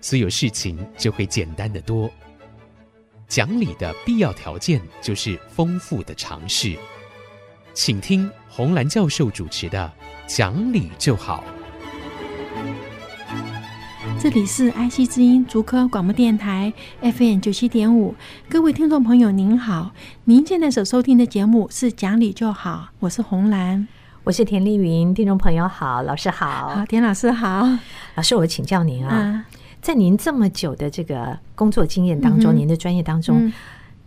所有事情就會簡單得多。講理的必要條件就是豐富的常識。請聽洪蘭教授主持的《講理就好》。這裡是 IC 之音竹科廣播電台 FM 九七點五。各位聽眾朋友您好，您現在所收聽的節目是《講理就好》，我是洪蘭，我是田麗雲。聽眾朋友好，老師好，好，田老師好，老師，我請教您啊。啊在您這麼久的這個工作經驗當中，您的專業當中，嗯嗯、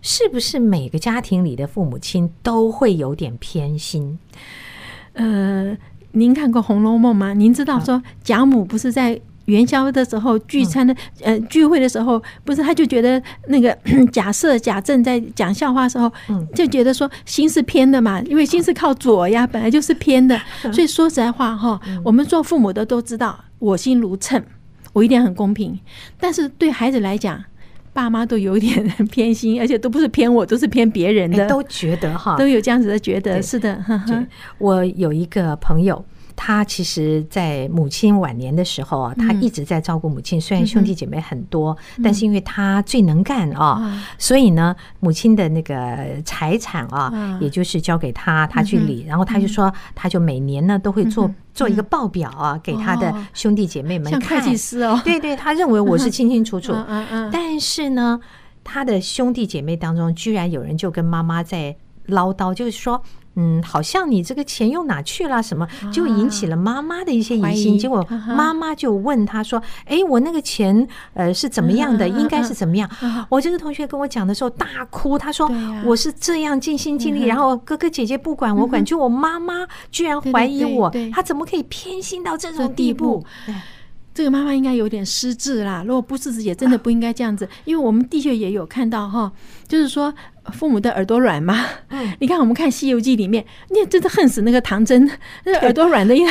是不是每個家庭裡的父母親都會有點偏心？呃，您看過《紅樓夢》嗎？您知道說賈母不是在元宵的時候聚餐的，嗯、呃，聚會的時候不是他就覺得那個、嗯、賈赦、賈政在講笑話的時候，嗯、就覺得說心是偏的嘛，因為心是靠左呀，嗯、本來就是偏的。嗯、所以說實在話哈、哦，嗯、我們做父母的都知道，我心如秤。我一定很公平，但是對孩子來講，爸媽都有點偏心，而且都不是偏我，都是偏別人的。欸，都覺得哈，都有這樣子的覺得，對是的，哈哈。我有一個朋友。他其實，在母親晚年的時候，他一直在照顧母親。雖然兄弟姐妹很多，但是因為他最能幹啊，所以呢，母親的那個財產啊，也就是交給他，他去理。然後他就說，他就每年呢都會做做一個報表啊，給他的兄弟姐妹們。看。像會計師哦，對對，他認為我是清清楚楚。但是呢，他的兄弟姐妹當中，居然有人就跟媽媽在嘮叨，就是說。嗯，好像你這個錢又哪去了？什麼就引起了媽媽的一些疑心，結果媽媽就問他說：“哎，我那個錢呃是怎麼樣的？應該是怎麼樣？”我這個同學跟我講的時候大哭，他說：“我是這樣盡心盡力，然後哥哥姐姐不管我管，就我媽媽居然懷疑我，他怎麼可以偏心到這種地步？”這個媽媽應該有點失智啦，如果不失智也真的不應該這樣子，啊、因為我們的確也有看到哈、哦，就是說父母的耳朵軟嘛。對你看我們看《西遊記》裡面，你也真的恨死那個唐僧，那對耳朵軟的呀，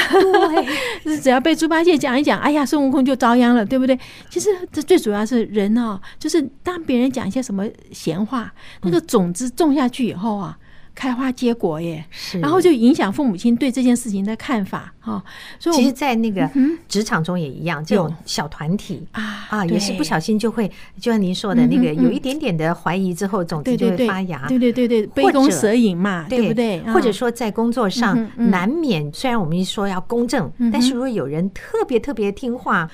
是只要被豬八戒講一講，哎呀，孫悟空就遭殃了，對不對？其實這最主要是人哦，就是當別人講一些什麼閒話，那個種子種下去以後啊。嗯開花結果耶，是，然後就影響父母親對這件事情的看法啊。所以，其實在那個職場中也一樣，這種小團體啊也是不小心就會，就像您說的那個，有一點點的懷疑之後，種子就會發芽。對對對對，杯弓蛇影嘛，對不對？或者說在工作上難免，雖然我們一說要公正，但是如果有人特別特別聽話，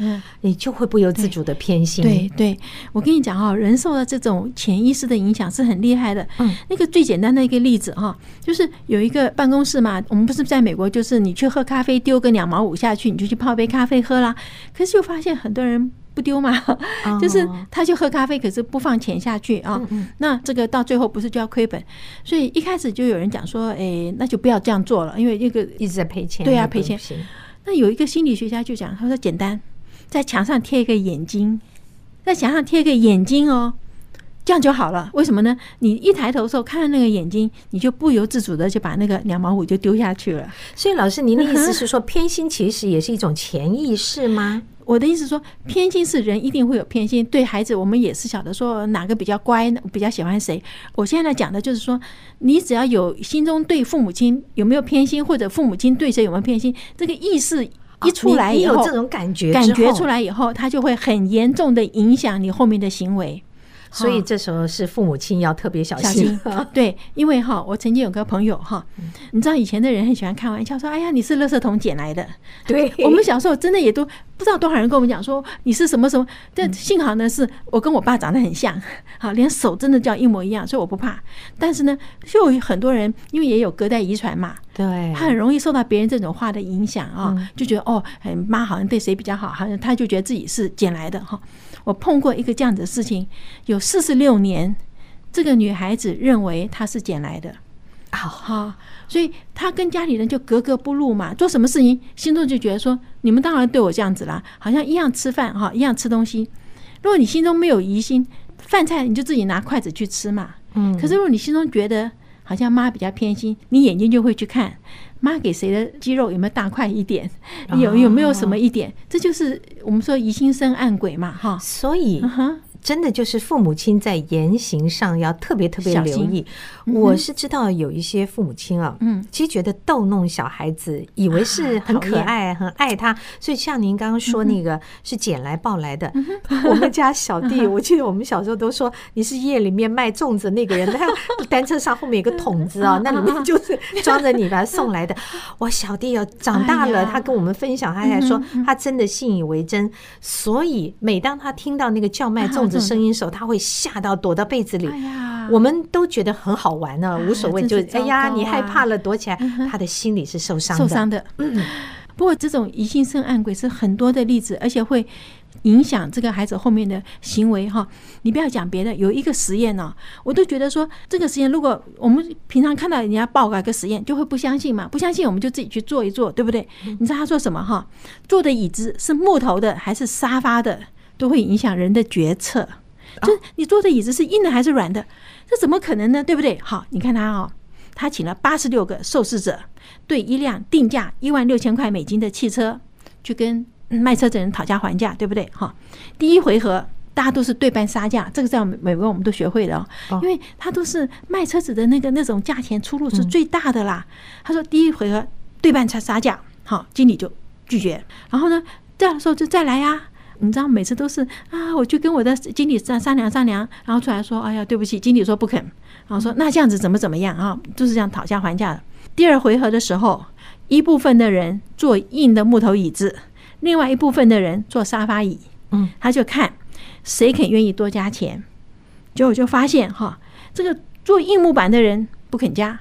你就會不由自主的偏心。對對，我跟你講啊，人受到這種潛意識的影響是很厲害的。嗯，那個最簡單的一個例子。哈，就是有一個辦公室嘛，我們不是在美國，就是你去喝咖啡丟個兩毛五下去，你就去泡杯咖啡喝啦。可是又發現很多人不丟嘛，就是他就喝咖啡，可是不放錢下去啊。那這個到最後不是就要虧本？所以一開始就有人講說，哎，那就不要這樣做了，因為這個一直在賠錢。對啊，賠錢。那有一個心理學家就講，他說簡單，在牆上貼一個眼睛，在牆上貼一個眼睛哦、喔。這樣就好了，為什麼呢？你一抬頭的時候，看到那個眼睛，你就不由自主的就把那個兩毛五就丟下去了。所以，老師，您的意思是說偏心其實也是一種潛意識嗎？嗯，我的意思是說，偏心是人一定會有偏心，對孩子，我們也是曉得說哪個比較乖，比較喜歡誰。我現在講的就是說，你只要有心中對父母親有沒有偏心，或者父母親對誰有沒有偏心，這個意識一出來，哦，你有這種感覺，感覺出來以後，他就會很嚴重的影響你後面的行為。所以這時候是父母親要特別小心，哦、小心，對，因為哈，我曾經有個朋友哈，你知道以前的人很喜歡開玩笑說，哎呀，你是垃圾桶撿來的，對，我們小時候真的也都不知道多少人跟我們講說你是什麼什麼，但幸好呢是我跟我爸長得很像，好，連手真的叫一模一樣，所以我不怕。但是呢，就有很多人因為也有隔代遺傳嘛，對，他很容易受到別人這種話的影響啊，就覺得哦，媽好像對誰比較好，好像他就覺得自己是撿來的哈。我碰過一個這樣子的事情，有四十六年，這個女孩子認為她是撿來的，啊哈，哦哦，所以她跟家裡人就格格不入嘛。做什麼事情，心中就覺得說，你們當然對我這樣子啦，好像一樣吃飯哈，哦，一樣吃東西。如果你心中沒有疑心，飯菜你就自己拿筷子去吃嘛。嗯，可是如果你心中覺得好像媽比較偏心，你眼睛就會去看。媽給誰的肌肉有沒有大塊一點？Uh huh. 有有沒有什麼一點？這就是我們說疑心生暗鬼嘛，哈、uh。所、huh. 以、uh。Huh. 真的就是父母親在言行上要特別特別留意。我是知道有一些父母親啊，嗯，其實覺得逗弄小孩子，以為是很可愛、很愛他，所以像您剛剛說那個是撿來抱來的。我們家小弟，我記得我們小時候都說你是夜裡面賣粽子那個人，他單車上後面有個桶子啊，那裡面就是裝着你把他送來的。我小弟要長大了，他跟我們分享，他還說他真的信以為真。所以每當他聽到那個叫賣粽子。聲音時候，他會嚇到躲到被子裡，我們都覺得很好玩呢、啊，無所謂。就哎呀，你害怕了，躲起來。他的心裡是受傷的、哎是啊嗯、受傷的、嗯。不過這種疑心生暗鬼是很多的例子，而且會影響這個孩子後面的行為哈。你不要講別的，有一個實驗呢、哦，我都覺得說這個實驗，如果我們平常看到人家報告一個實驗，就會不相信嘛。不相信我們就自己去做一做，對不對？你知道他做什麼哈？坐的椅子是木頭的還是沙發的？都會影響人的決策，就是、你坐的椅子是硬的還是軟的，哦、這怎麼可能呢？對不對？好，你看他哦，他請了八十六個受試者，對一輛定價一萬六千塊美金的汽車去跟賣車的人討價還價，對不對？哈、哦，第一回合大家都是對半殺價，這個在美國我們都學會了、哦，因為他都是賣車子的那個那種價錢出入是最大的啦。嗯、他說第一回合對半差殺價，好、哦，經理就拒絕，然後呢，這樣的時候就再來呀、啊。你知道每次都是啊，我就跟我的經理再商量商量，然後出來說，哎呀，對不起，經理說不肯，然後說那這樣子怎麼怎麼樣啊，就是這樣討價還價的。第二回合的時候，一部分的人坐硬的木頭椅子，另外一部分的人坐沙發椅，嗯，他就看誰肯願意多加錢，結果就發現哈，這個坐硬木板的人不肯加。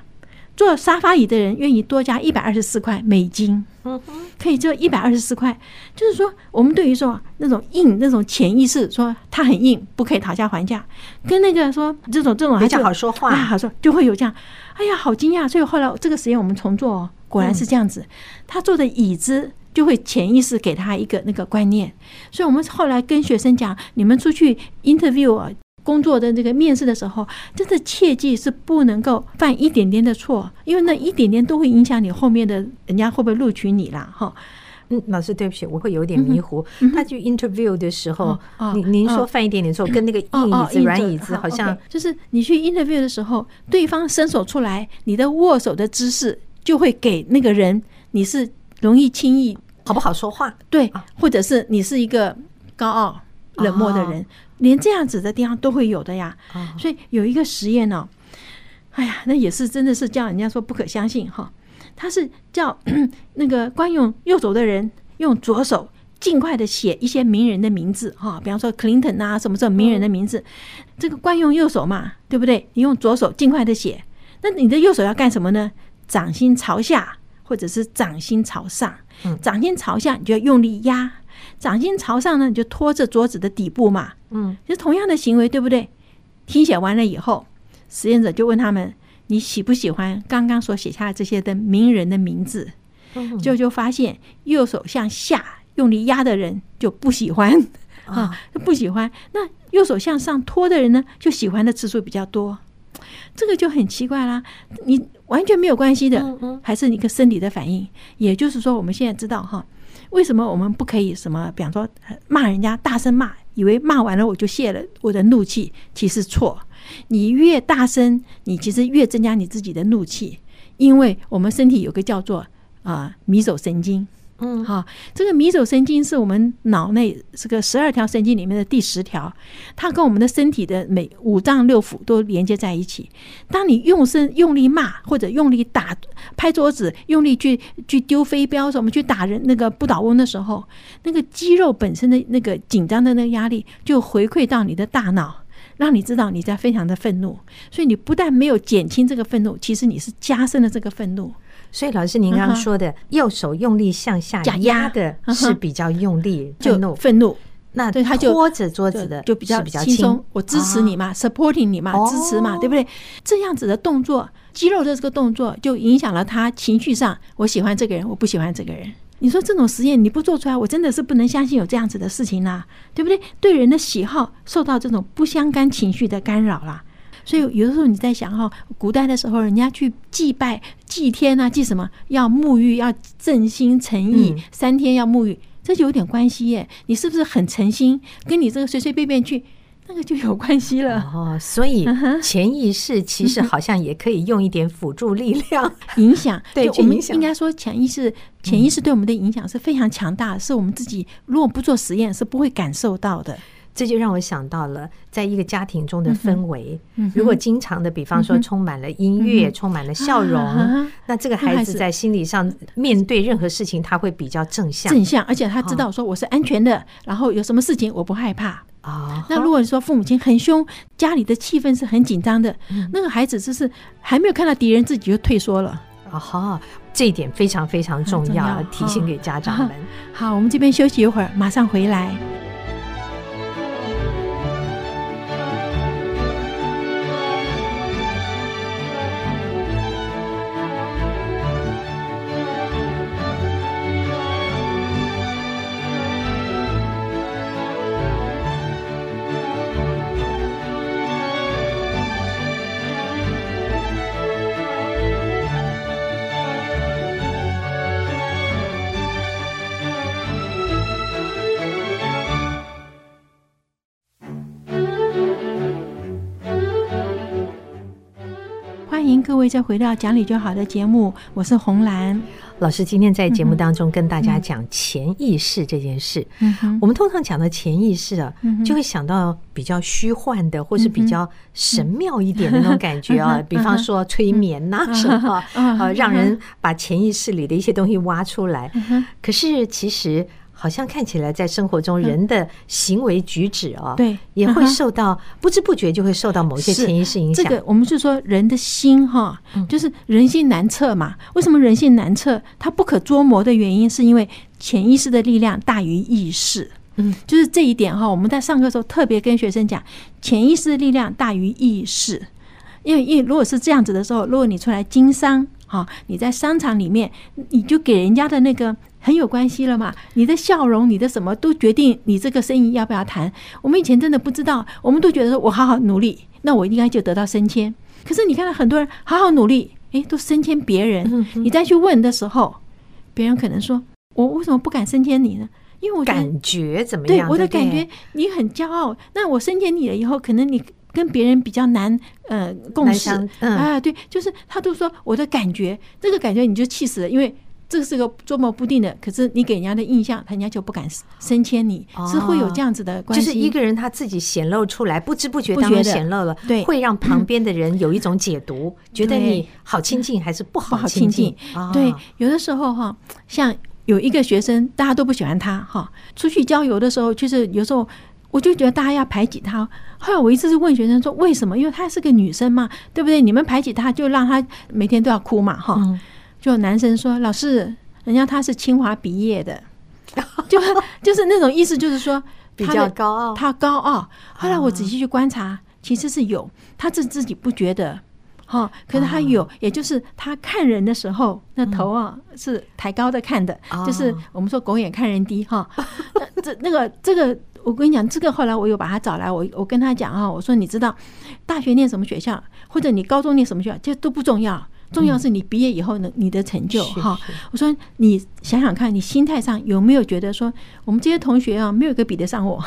坐沙發椅的人願意多加一百二十四塊美金，可以就一百二十四塊。就是說，我們對於說那種硬，那種潛意識，說他很硬，不可以討價還價，跟那個說這種這種還是比較好說話，啊、好說，就會有這樣。哎呀，好驚訝！所以後來這個實驗我們重做，哦，果然是這樣子。他坐的椅子就會潛意識給他一個那個觀念。所以我們後來跟學生講，你們出去 interview 啊。工作的這個面試的時候，真的切記是不能夠犯一點點的錯，因為那一點點都會影響你後面的人家會不會錄取你啦，哈。嗯，老師，對不起，我會有點迷糊。嗯嗯、他去 interview 的時候，您、哦哦、您說犯一點點錯，哦、跟那個硬椅,椅子、哦哦、軟椅子、哦、好像，okay. 就是你去 interview 的時候，對方伸手出來，你的握手的姿勢就會給那個人，你是容易輕易好不好說話？對，哦、或者是你是一個高傲冷漠的人。哦連這樣子的地方都會有的呀，所以有一個實驗呢，哎呀，那也是真的是叫人家說不可相信哈、哦。他是叫那個慣用右手的人用左手盡快的寫一些名人的名字哈、哦，比方說 Clinton 啊什麼這種名人的名字，這個慣用右手嘛，對不對？你用左手盡快的寫，那你的右手要幹什麼呢？掌心朝下或者是掌心朝上？掌心朝下，你就要用力壓。掌心朝上呢，你就拖着桌子的底部嘛。嗯，就是同樣的行為，對不對？聽寫完了以後，實驗者就問他們：你喜不喜歡剛剛所寫下的這些的名人的名字？就、嗯、就發現右手向下用力壓的人就不喜歡、嗯、啊，就不喜歡。那右手向上拖的人呢，就喜歡的次數比較多。這個就很奇怪啦，你完全沒有關係的，嗯嗯還是你個生理的反應。也就是說，我們現在知道哈。為什麼我們不可以什麼？比方說罵人家，大聲罵，以為罵完了我就洩了我的怒氣，其實錯。你越大聲，你其實越增加你自己的怒氣，因為我們身體有個叫做啊，迷走神經。嗯，好，這個迷走神經是我們腦內這個十二條神經裡面的第十條，它跟我們的身體的每五臟六腑都連接在一起。當你用身用力罵或者用力打、拍桌子、用力去去丟飛鏢什麼去打人那個不倒翁的時候，那個肌肉本身的那個緊張的那個壓力就回饋到你的大腦，讓你知道你在非常的憤怒。所以你不但沒有減輕這個憤怒，其實你是加深了這個憤怒。所以，老師，您剛剛說的，右手用力向下壓的是比較用力，就憤怒。那對他，拖着桌子的就,就比較比較輕鬆。我支持你嘛、啊、，supporting 你嘛，支持嘛，哦、對不對？這樣子的動作，肌肉的這個動作，就影響了他情緒上。我喜歡這個人，我不喜歡這個人。你說這種實驗你不做出來，我真的是不能相信有這樣子的事情啦、啊，對不對？對人的喜好受到這種不相干情緒的干擾啦、啊。所以有的時候你在想哈、哦，古代的時候人家去祭拜祭天吶、啊，祭什麼？要沐浴，要正心誠意，嗯、三天要沐浴，這就有點關係耶。你是不是很誠心？跟你這個隨隨便便去，那個就有關係了。哦、所以潛意識其實好像也可以用一點輔助力量、嗯、影響。對，我們應該說潛意識，潛意識對我們的影響是非常強大的，嗯、是我們自己如果不做實驗是不會感受到的。這就讓我想到了，在一個家庭中的氛圍，如果經常的，比方說充滿了音樂，充滿了笑容，那這個孩子在心理上面對任何事情，他會比較正向。正向，而且他知道說我是安全的，然後有什麼事情我不害怕。啊，那如果說父母親很凶，家裡的氣氛是很緊張的，那個孩子就是還沒有看到敵人，自己就退縮了。啊哈，這一點非常非常重要，要提醒給家長們。好，我們這邊休息一會兒，馬上回來。再回到講理就好的節目，我是紅蘭老師。今天在節目當中跟大家講潛意識這件事。我們通常講到潛意識啊，就會想到比較虛幻的，或是比較神妙一點的那種感覺啊。比方說催眠吶什麼，呃，讓人把潛意識裡的一些東西挖出來。可是其實。好像看起來，在生活中人的行為舉止哦，對，也會受到不知不覺就會受到某些潛意識影響。這個，我們是說人的心哈，就是人心難測嘛。為什麼人性難測？它不可捉摸的原因，是因為潛意識的力量大於意識。嗯，就是這一點哈，我們在上課的時候特別跟學生講，潛意識的力量大於意識，因為因為如果是這樣子的時候，如果你出來經商哈，你在商場裡面，你就給人家的那個。很有關係了嘛。你的笑容，你的什麼都決定你這個生意要不要談。我們以前真的不知道，我們都覺得說我好好努力，那我應該就得到升遷。可是你看到很多人好好努力，誒、欸，都升遷別人。你再去問的時候，別人可能說：“我為什麼不敢升遷你呢？”因為我覺得感覺怎麼樣？對，我的感覺你很驕傲。對對，那我升遷你了以後，可能你跟別人比較難呃共識。嗯、啊，對，就是他都說我的感覺，這個感覺你就氣死了，因為。這是個捉摸不定的，可是你給人家的印象，人家就不敢升遷你，哦、是會有這樣子的關係。就是一個人他自己顯露出來，不知不覺當中顯露了，對，會讓旁邊的人有一種解讀，嗯、覺得你好親近還是不好親近。近、哦、對，有的時候哈，像有一個學生，大家都不喜歡他哈，出去郊遊的時候，就是有時候我就覺得大家要排擠他。後來我一直是問學生說，為什麼？因為他是個女生嘛，對不對？你們排擠她，就讓她每天都要哭嘛，哈、嗯。就男生說，老師，人家他是清華畢業的， 就就是那種意思，就是說比較高傲。他高傲。啊、後來我仔細去觀察，其實是有，他是自己不覺得，哈、啊。可是他有，啊、也就是他看人的時候，啊、那頭啊、嗯、是抬高的看的，啊、就是我們說狗眼看人低哈。啊、 這那個這個，我跟你講，這個後來我又把他找來，我我跟他講啊，我說你知道大學念什麼學校，或者你高中念什麼學校，這都不重要。重要是你畢業以後你的成就哈。嗯、我說你想想看，你心態上有沒有覺得說，我們這些同學啊，沒有一個比得上我？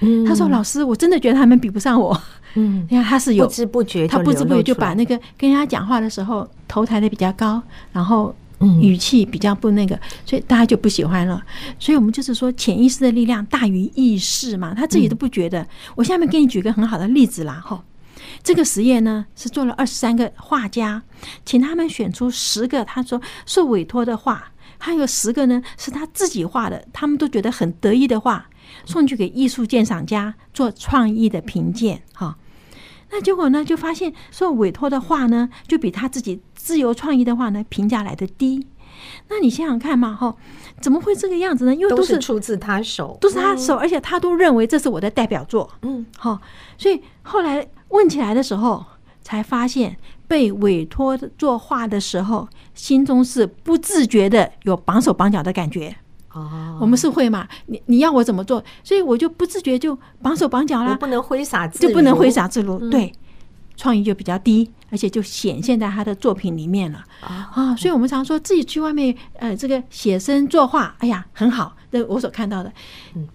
嗯、他說老師，我真的覺得他們比不上我。嗯，你看他是有不知不覺就，他不知不覺就把那個跟人家講話的時候頭抬得比較高，然後語氣比較不那個，嗯、所以大家就不喜歡了。所以我們就是說，潛意識的力量大於意識嘛。他自己都不覺得。嗯、我下面給你舉個很好的例子啦，哈。這個實驗呢，是做了二十三個畫家，請他們選出十個，他說受委托的畫，還有十個呢是他自己畫的，他們都覺得很得意的畫，送去給藝術鑑賞家做創意的評鑑哈、哦。那結果呢就發現受委托的畫呢，就比他自己自由創意的畫呢評價來的低。那你想想看嘛哈、哦，怎麼會這個樣子呢？因為都是，都是出自他手，都是他手，而且他都認為這是我的代表作，嗯，哈、哦，所以後來。問起來的時候，才發現被委托作畫的時候，心中是不自覺的有綁手綁腳的感覺。Oh. 我們是會嘛？你你要我怎麼做？所以我就不自覺就綁手綁腳了，不能揮灑自如，就不能揮灑自如。對。嗯創意就比較低，而且就顯現在他的作品裡面了啊、哦哦！所以，我們常說自己去外面呃，這個寫生作畫，哎呀，很好。那我所看到的，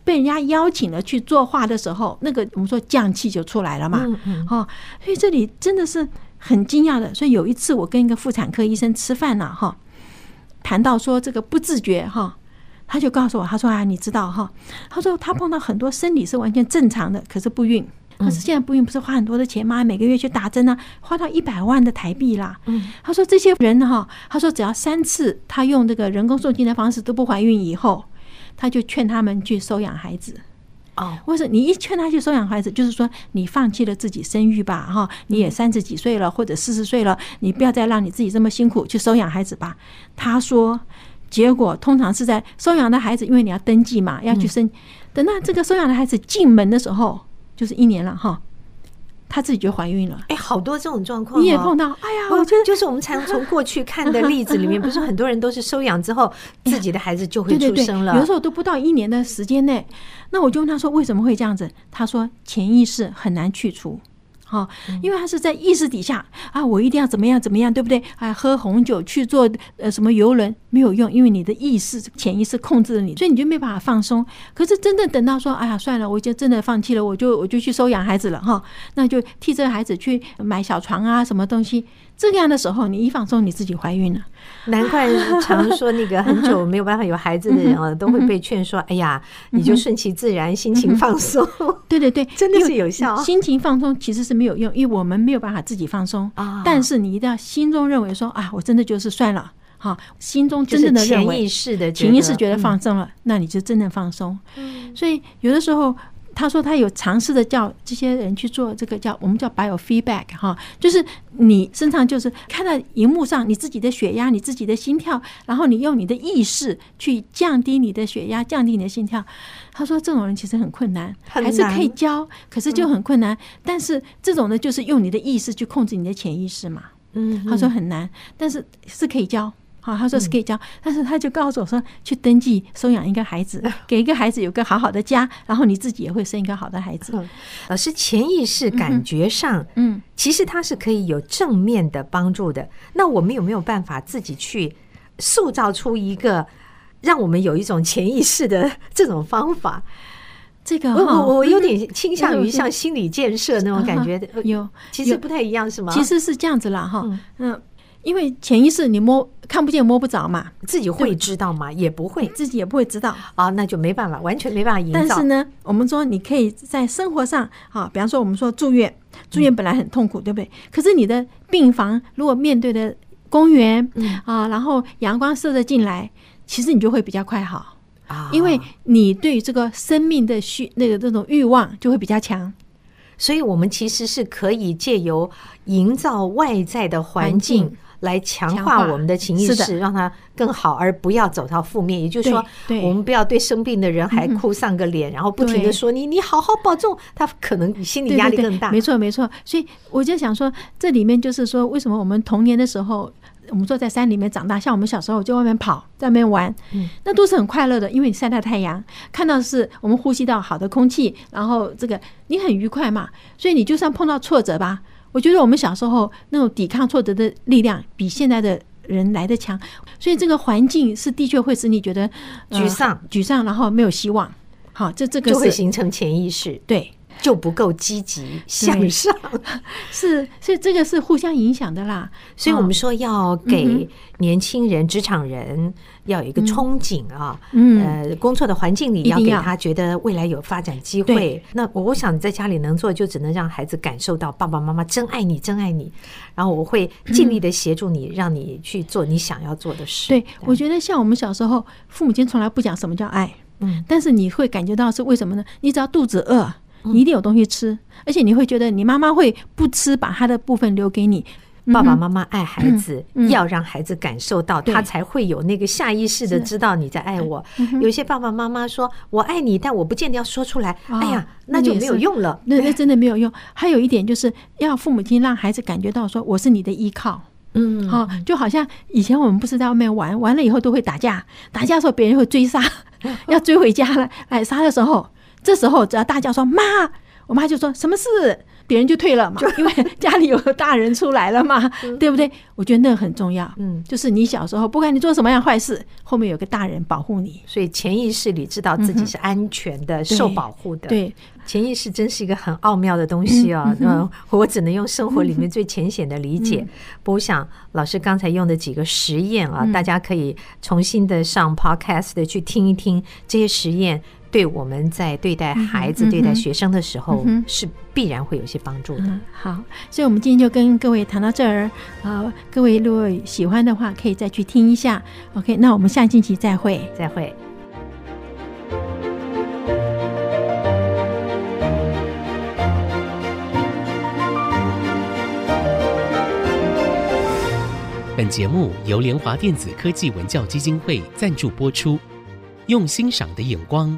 被人家邀請了去作畫的時候，那個我們說匠氣就出來了嘛。哈、哦，所以這裡真的是很驚訝的。所以有一次，我跟一個婦產科醫生吃飯呢、啊，哈，談到說這個不自覺哈，他就告訴我，他說啊，你知道哈，他說他碰到很多生理是完全正常的，可是不孕。可是現在不孕不是花很多的錢嗎？每個月去打針呢、啊，花到一百萬的台幣啦。嗯。他說：“這些人哈、啊，他說只要三次他用這個人工受精的方式都不懷孕以後，他就勸他們去收養孩子。哦，為什麼？你一勸他去收養孩子，就是說你放棄了自己生育吧？哈，你也三十幾歲了，或者四十歲了，你不要再讓你自己這麼辛苦去收養孩子吧。”他說：“結果通常是在收養的孩子，因為你要登記嘛，要去生。嗯、等到這個收養的孩子進門的時候。”就是一年了哈，她自己就懷孕了。哎，好多這種狀況，你也碰到？哎呀，我覺得就是我們常從過去看的例子裡面，不是很多人都是收養之後，自己的孩子就會出生了。哎、有時候都不到一年的時間內，那我就問他說為什麼會這樣子？他說潛意識很難去除。哈，因為他是在意識底下啊，我一定要怎麼樣怎麼樣，對不對？啊，喝紅酒去坐呃什麼遊輪，沒有用，因為你的意識、潛意識控制了你，所以你就沒辦法放鬆。可是真的等到說，哎、啊、呀，算了，我就真的放棄了，我就我就去收養孩子了哈、哦，那就替這個孩子去買小床啊，什麼東西。這個樣的時候，你一放鬆，你自己懷孕了。難怪常說那個很久沒有辦法有孩子的人啊，都會被勸說：“哎呀，你就順其自然，心情放鬆。”對對對，真的是有效啊。心情放鬆其實是沒有用，因為我們沒有辦法自己放鬆啊。但是你一定要心中認為說：“啊，我真的就是算了。”哈，心中真正的潛意識的潛意識覺得放鬆了，那你就真的放鬆。所以有的時候。他說他有嘗試的叫這些人去做這個叫我們叫 biofeedback 哈，就是你身上就是看到熒幕上你自己的血壓，你自己的心跳，然後你用你的意識去降低你的血壓，降低你的心跳。他說這種人其實很困難，還是可以教，可是就很困難。難但是這種呢就是用你的意識去控制你的潛意識嘛。嗯，嗯，他說很難，但是是可以教。啊，哦、他說是可以教，但是他就告訴我說，去登記收養一個孩子，嗯、給一個孩子有個好好的家，然後你自己也會生一個好的孩子。嗯、老師潛意識感覺上，嗯，其實他是可以有正面的幫助的。那我們有沒有辦法自己去塑造出一個，讓我們有一種潛意識的這種方法？這個，我我有點傾向於像心理建設那種感覺，有其實不太一樣，是嗎？其實是這樣子啦，哈，嗯。嗯嗯嗯嗯嗯因為潛意識你摸看不見摸不着嘛，自己會知道嘛？對不對？也不會，自己也不會知道啊、哦，那就沒辦法，完全沒辦法營造。但是呢，我們說你可以在生活上啊，比方說我們說住院，住院本來很痛苦，嗯、對不對？可是你的病房如果面對的公園、嗯、啊，然後陽光射着進來，其實你就會比較快好啊，因為你對這個生命的需那個那種慾望就會比較強，所以我們其實是可以借由營造外在的環境。環境來強化我們的潛意識是的讓它更好，而不要走到負面。的也就是說，我們不要對生病的人還哭喪個臉，對然後不停的說你對你好好保重，他可能心理壓力更大。對對對沒錯沒錯，所以我就想說，這裡面就是說，為什麼我們童年的時候，我們坐在山裡面長大，像我們小時候就外面跑，在外面玩，嗯、那都是很快樂的，因為你曬到太陽，看到是我們呼吸到好的空氣，然後這個你很愉快嘛，所以你就算碰到挫折吧。我覺得我們小時候那種抵抗挫折的力量比現在的人來的強，所以這個環境是的確會使你覺得、呃、沮喪、沮喪，然後沒有希望。好，這這個就會形成潛意識，對。就不夠積極向上，嗯、 是是這個是互相影響的啦。所以我們說要給年輕人、職場人要有一個憧憬啊，呃，工作的環境裡要給他覺得未來有發展機會。嗯、那我想在家裡能做，就只能讓孩子感受到爸爸媽媽真愛你，真愛你。然後我會盡力的協助你，讓你去做你想要做的事。對，我覺得像我們小時候，父母親從來不講什麼叫愛，嗯，但是你會感覺到是為什麼呢？你只要肚子餓，你一定有東西吃，而且你會覺得你媽媽會不吃，把她的部分留給你。爸爸媽媽愛孩子，要讓孩子感受到，他才會有那個下意識的知道你在愛我。有些爸爸媽媽說我愛你，但我不見得要說出來。哎呀，那就沒有用了，那那真的沒有用。還有一點就是要父母親讓孩子感覺到說我是你的依靠。嗯，好，就好像以前我們不是在外面玩，玩了以後都會打架，打架的時候別人會追殺，要追回家了，挨殺的時候，這時候只要大叫說“媽”，我媽就說“什麼事”，別人就退了嘛，就因為家裡有個大人出來了嘛，對不對？我覺得那個很重要，嗯，就是你小時候不管你做什麼樣壞事，後面有個大人保護你，所以潛意識裡知道自己是安全的、受保護的。對，潛意識真是一個很奧妙的東西啊！嗯，我只能用生活裡面最淺顯的理解。不，我想老師剛才用的幾個實驗啊，大家可以重新的上 podcast 的去聽一聽這些實驗。對，我們在對待孩子、嗯、哼對待學生的時候，嗯、哼是必然會有些幫助的，嗯。好，所以我們今天就跟各位談到這兒。好，呃，各位如果喜歡的話，可以再去聽一下。OK，那我們下星期再會。再會。本節目由聯華電子科技文教基金會贊助播出，用欣賞的眼光，